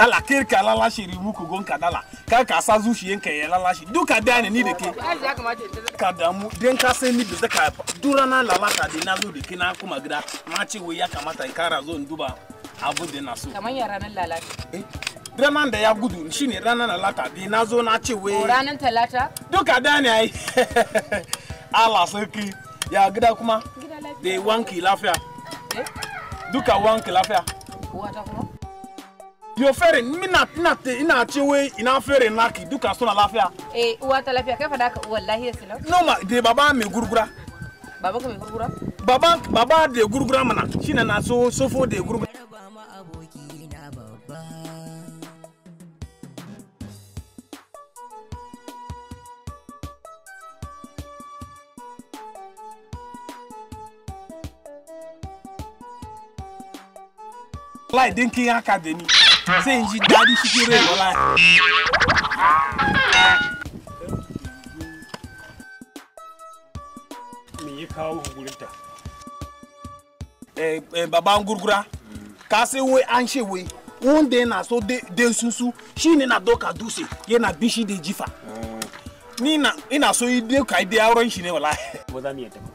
ala kirka ka lalashi rimu ku gon kadala ka ka sa zuciyen ka ya shi duka da ne ni da ke ka damu den ka sai ni da zaka dura na ka de na zo da ke na kuma gida ma ce wai ya kamata in kara zo in duba abu da na so kamar ya ranar lalata eh ranar da ya gudu shine ranar lalata da na zo na ce wai oh, ranar talata duka da ne ai ala sarki ya gida kuma da wanki lafiya eh? duka wanki lafiya uwata kuma yo ferin ina ina ina ce wai ina ferin naki duka suna lafiya ee eh, uwa ta lafiya kai fada ka wallahi da silau no ma de baba mai gurgura baba ka mai gurgura baba baba da gurgura mana shine nana so sofo da gurgura Lai dinkin haka da ni. sem de dar de chiqueiro lá. Me kawo gurinta. Eh eh baban gurgura. Ka sai wai an she wai. Wanda yana so den susu shi ne na doka dutse yana bishi da jifa. Mm. Ni na ina so yi dai ka dai auren shi ne wallahi. Ba za mu yadda ba.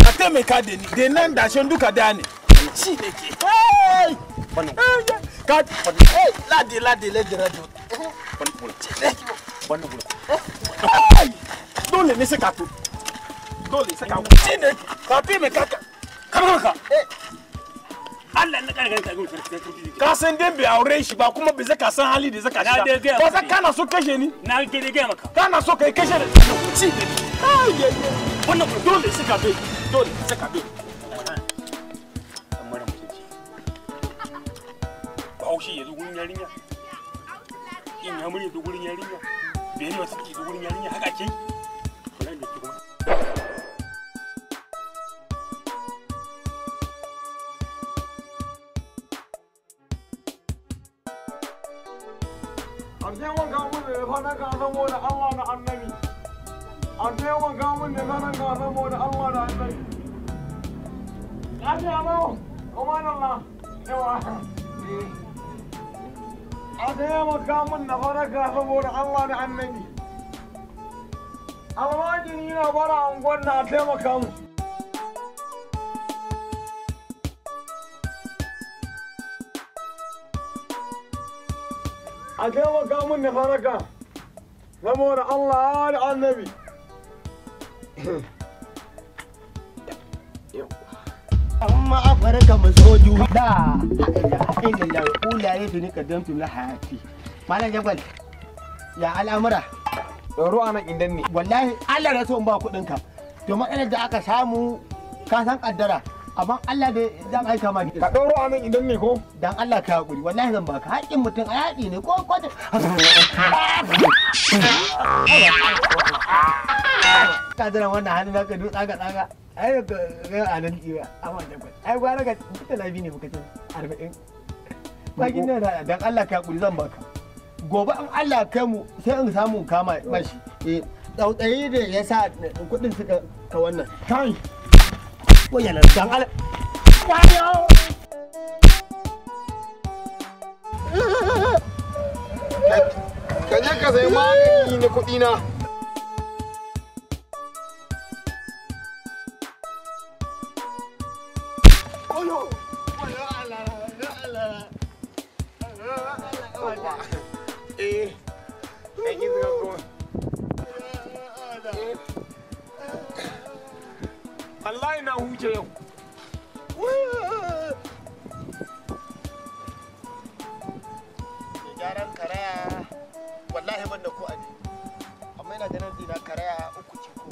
Ka taimaka da ni, da nan da shan duka da ne. ci ne ke ladi ladi ladi radio wannan gudu dole ne sai ka to dole sai ka ci ne ka fi mai kaka kamar ka Allah na kan ka gudu ka san dan a aure shi ba kuma bai ka san hali da zaka shi ba zaka kana so kashe ni na gede ga maka kana so kai kashe ni ci ne wannan gudu dole sai ka bi dole sai ka bi bahaushe ya zo gurin yarinya in ya murya zo gurin yarinya berewa suke zo gurin yarinya haka ke ke kuma na Allah da Annabi an je wanga mun da fa na ka da Allah da Annabi ka ji amawo kuma Allah yawa a taimaka min na faraka saboda Allah da annabi almajini na bara angon a taimaka mu a taimaka mun na faraka saboda Allah annabi mu afirka mu zo ju da inda da kulaye da nika damtu na hayati malam jagwal ya al'amura tsaro a nan indan ne wallahi allah na so in ba kuɗin ka to matsalar da aka samu ka san kaddara amma allah da zan aika ma ka ɗoro a nan idan ne ko dan allah ka haƙuri wallahi zan baka haƙƙin mutum a yaƙi ne ko ko ka zira wannan hannun naka dutsa ga tsaga ai ga ga anan jiwa amma da ai gwara ga talabi ne muka ce 40 bakin nan dan Allah ka kuri zan baka gobe an Allah kai mu sai in samu kama mashi eh, tsautsayi da ya sa kudin suka ka wannan kai dan Allah ka je ka sayi magani ne kuɗi na fito yau gyaran karaya da ko ne amma yana ganin dina karaya uku ce ko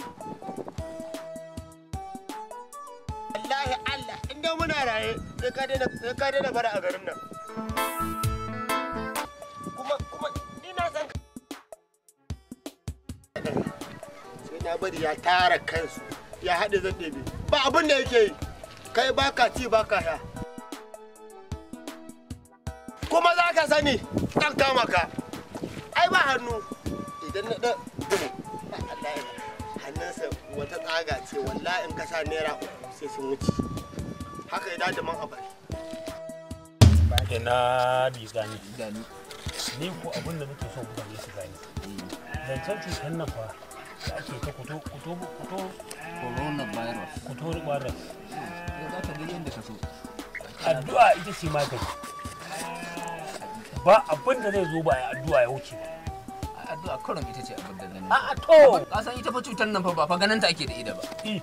wallahi Allah inda muna raye sai ka daina sai ka daina bara a garin nan kuma kuma ina san sai na bari ya tara kansu ya haɗe zan ba abin da yake yi kai baka ci baka ya kuma za ka sani kan kama ka ai ba hannu idan na ɗan dubu ba Allah ya hannunsa wata tsaga ce wallahi in ka sa naira sai sun wuce haka ya da man abari ina bi gani gani ni ko abin da nake so ku gane su gani zancen cutar nan fa ake eh, ta kuto kuto ka ba abin ce san ita fa cutar nan fa ba fa ganin ta ake da ida ba hmm.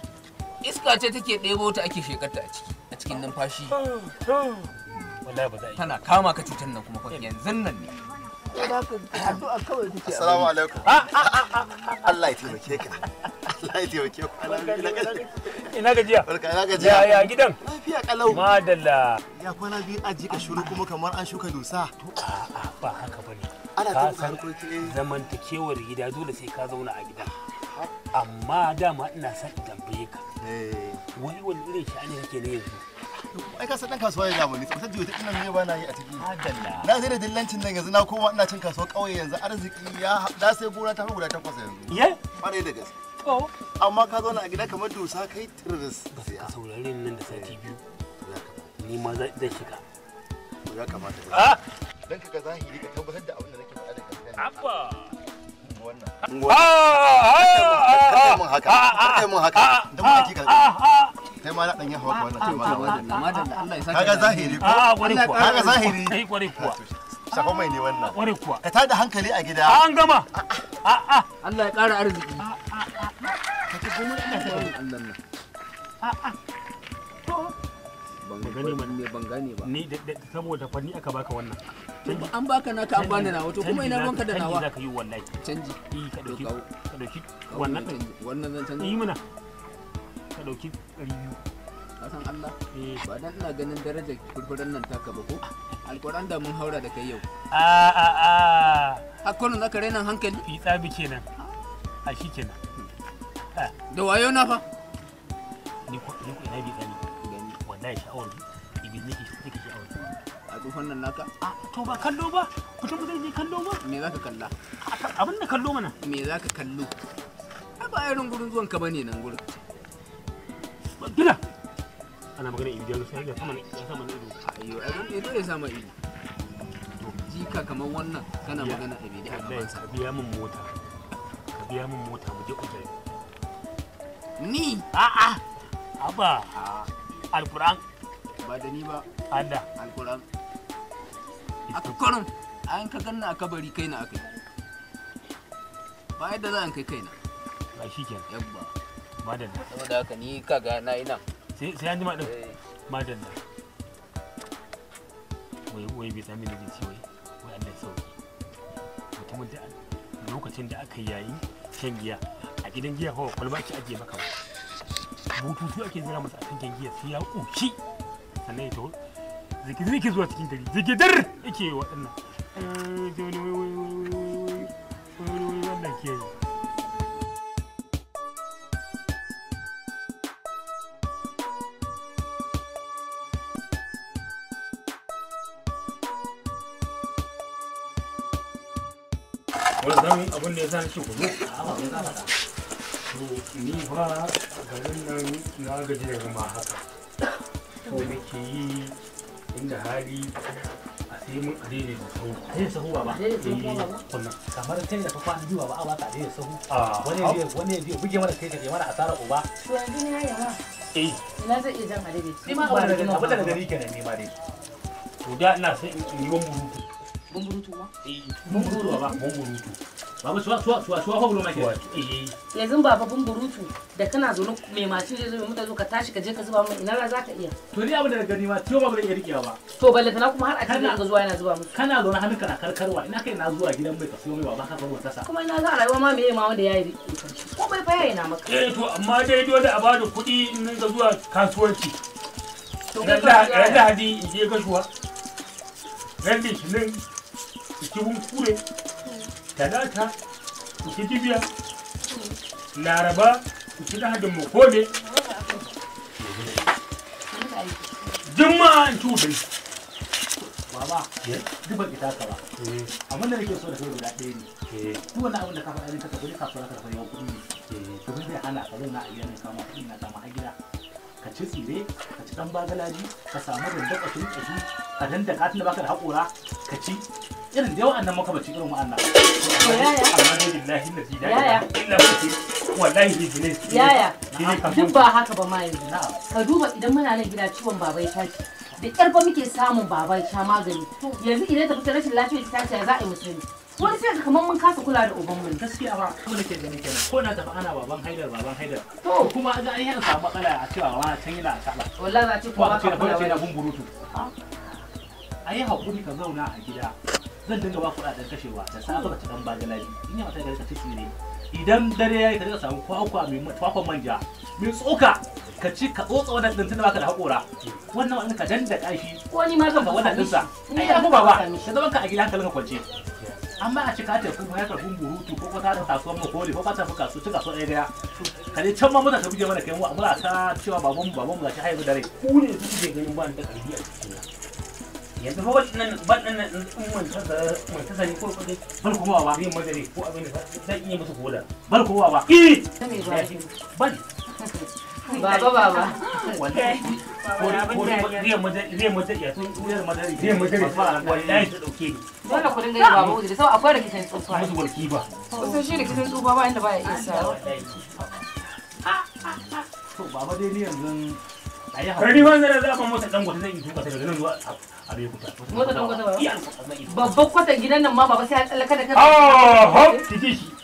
iska ce take ɗebo ta ake shekarta a ciki a cikin numfashi hmm, hmm. wallahi kama ka cutar nan kuma fa nan ne addu'a assalamu alaikum Allah ya taimake ka Allah ya taimake ku ina gajiya ina gajiya ya gidan lafiya kalau madalla ya kwana biyu aji ka shuru kuma kamar an shuka dosa. a'a ba haka bane ana ta harkoki zamantakewar gida dole sai ka zauna a gidan amma dama ina son tambaye ka eh. wai wani irin sha'ani kake ne yanzu ai ka san dan kasuwa ya zamani tsaftar jiyo ta ina ne ba na yi a ciki na sai da dillancin nan yanzu na koma ina cin kasuwa kauye yanzu arziki ya na sai gona ta guda takwas yanzu ye kwarai da gaske amma ka zauna a gida kamar dusa kai tiris ka saurare nan da sati biyu eh, ni ma zan shiga ya kamata ba ah! dan ka zahiri ka tabbatar da abin da nake faɗa da abba wannan mun haka mun haka ah, ah, da mun hakika sai ma na dan ya hawa wannan ah, ah, ah, kaga zahiri ko kaga zahiri kai eh, kware kuwa shafa mai ne wannan kware kuwa ka tada hankali a gida an gama a a Allah ya kara arziki a a ka ci goma ina ta Allah nan a a to ban gane man ban gane ba ni saboda fanni aka baka wannan an baka naka an bani nawa to kuma ina ruwanka da nawa canji zaka yi wallahi canji eh ka dauki ka dauki wannan wannan zan canji yi mana ka dauki ɗari biyu san Allah eh. ba dan ina ganin darajar furfuran nan taka ba ko alƙur'an da mun haura da kai yau a a a hakkonu kare nan hankali fi fitsabi kenan a shi kenan hmm. da wayo na fa ni ko ni ko ina bi tsani wallahi sha'awar ibin nake nake sha'awar a tsufan nan naka a to ba kallo ba ku ta zai je kallo ba me zaka kalla abin da kallo mana me zaka kallo ba irin gurin zuwan ka bane nan gurin ana magana ido yanzu sai sama ne ne ido ai ido sama jika kamar wannan kana magana a a gaban sa biya min mota ka biya min mota mu ni ba da ni ba aka an ka ganna a kabari kai na ba yadda za a kai kaina ba shi kenan yabba madalla saboda haka ni kaga na ina sai an jima din eh. madalla wai wai bai sami da jinsi wai wai Allah sauki mutumin da lokacin da aka yayi shan giya a gidan giya hawa kwalba ki ajiye maka ba bututu ake zira masa a tankin giya sai ya kuki sannan ya taho zikizir yake zuwa cikin gari zikidar yake waɗannan eh, wani zan abin da ya zan shi kuma to ni ba garin nan na gaji da haka to nake yi inda hali a sai mun adini da sahu adini sahu ba ba eh, eh, kamar tun da ka biyu ba a ba ta adini sahu ah. wani ne wani ne buge mana kai ka mana asara uba to yanzu ne ya ma eh ina zai iya jan adini ni ma abin da gari kenan ni ma dai to da ina sai in yi wani bumburutu eh, ba ba bumburutu suwa suwa suwa suwa ko bulma ke yanzu baba da kana zo mai mashin zai zo mu zo ka tashi ka je ka zuba mu ina za ka iya to ni abin da gani ma tiyo ba bai iya rikewa ba to balle kana kuma har a cikin ka zuwa yana zuba musu kana zo na hannun kana karkarwa ina kai na zuwa gidan mai ka siyo mai ba ka farwa tasa kuma ina za a rayuwa ma me ma wanda yayi rike ko bai fa yayi na maka eh to amma dai dole a bada kuɗi in ga zuwa kasuwanci to ga da hadi je gashuwa Randy, Lynn, usubun kure talata usu jibiya laraba usu lahadin makode juma'a in tudin baba duk ban ita ka ba amma da nake so da kai guda ɗaya ne duk wani abin da ka faɗa ne ka k'a kasuwa ka tafi yau kuɗi ne to zai hana ka zauna a gidan ka kama kuɗi na kama a gida ka ci tsire ka ci dan bagalaji ka samu randa kashin tsaki, ka danda ka tunda baka da hakora ka ci irin da wa'annan makabaci irin wa'annan to yaya amma ne billahi na fi yaya illa kuke wallahi ne yaya duk ba haka ba ma yanzu ka duba idan muna nan gida ciwon babai taki da ƙarfa muke samun babai sha magani yanzu idan ta fita rashin lafiya ta ce za a yi musulmi wani sai ka kamar mun kasa kula da ubanmu ne gaskiya ba mu nake gani kenan ko na tafi ana baban haidar baban haidar to kuma ga an yi samu matsala a cewa wani can yana kala wallahi za ce ko ba ka kula wani bumburutu a yi hakuri ka zauna a gida zan dinga ba kuɗaɗen kashewa da safe ba ta dan ba galabi in yi mata da ka tafi ne idan dare yayi ka samu kwakwa mai kwakwan manja mai tsoka ka ci ka tsotsa wannan din tunda baka da haƙora wannan wani ka danda kashi ko ni ma zan ba wannan din sa ai ya ba ba ka zaman ka a gida ka lanka kwance an ba a cika teku kuma ya karfin burutu ko ta da kasuwar makoli ko ba ta fi kasu cika so ɗaya daya ka can ma muna ta buge mana kai mu amma ta cewa baban baban mu gashi haihu dare ku ne su ke ganin ba da karfi a cikin yanzu fa wannan ban nan in mun ta mun ta sani ko ko dai bal kuma ba zai madare ko abin da zai iya musu kola bal kuma ba eh ban baba baba wallahi dole ku dinga yi babu uzuri sau akwai rikicin tsufa musu ba shi rikicin tsufa ba inda ba ya iya sa to baba dai ni yanzu Rani wanda da zaɓa mota dangote zai yi tuka daga nan zuwa a bai kuta. Mota dangote ba? Babban kwatan gidan nan ma baba sai ya tsallaka da kan. Oh, hop, tiki shi.